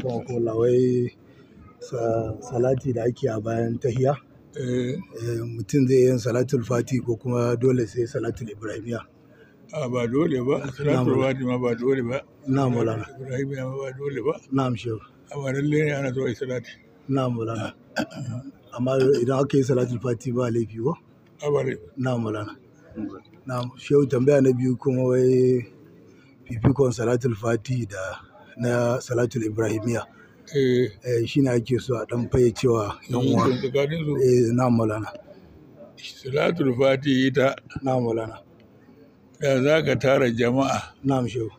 Coca-Cola wai salati da ake a bayan tahiya. Eh. Eh, mutum zai iya yin salatul fati ko kuma dole sai salatul ibrahimiya. A ba dole ba. Salatul fati ma ba dole ba. Na'am Maulana. Ibrahimiya ma ba dole ba. Na'am Shehu. Amma lalle ne ana so salati. Na'am Maulana. Amma idan aka yi salatul fati ba laifi ko? A'a ba laifi. Na'am Maulana. Na'am Shehu tambaya na biyu kuma wai fifikon salatul fati da na salatul ibrahimiya eh, eh shi ne ake so a dan cewa yan uwa eh, eh na maulana salatul fatihi ta na maulana ya za ka tara jama'a Na shehu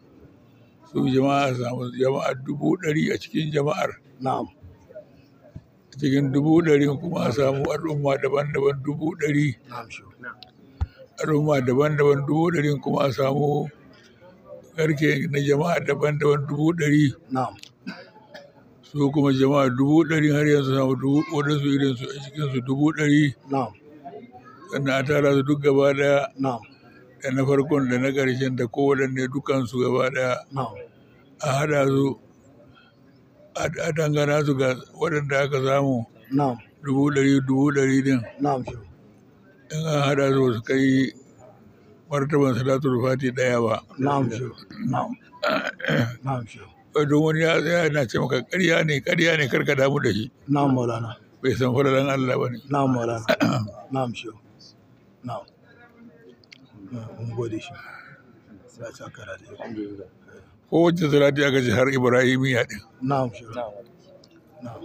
su jama'a samu jama'a dubu ɗari a cikin jama'ar na'am cikin dubu ɗari kuma a samu al'umma daban-daban dubu ɗari al'umma daban-daban dubu ɗari kuma a samu karke na jama'a daban-daban dubu ɗari su kuma jama'a dubu ɗari har yanzu samu dubu waɗansu irin su a cikinsu dubu ɗari sannan a tara su duk gaba ɗaya da na farkon da na ƙarshen da kowaɗanne dukansu gaba ɗaya a haɗa su a dangana su ga waɗanda aka samu dubu ɗari dubu ɗari din in an haɗa su su kai martaban da fati daya ba na'am shehu na'am na'am shehu don wani ya ce maka ƙarya ne ƙarya ne karka damu da shi na'am maulana bai san falalan Allah ba ne na'am maulana na'am shehu na'am mun gode shi Ya ta kara da ko wacce salati aka ji har Ibrahimiya din na'am shehu na'am na'am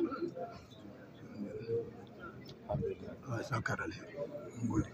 sai ta kara da mun gode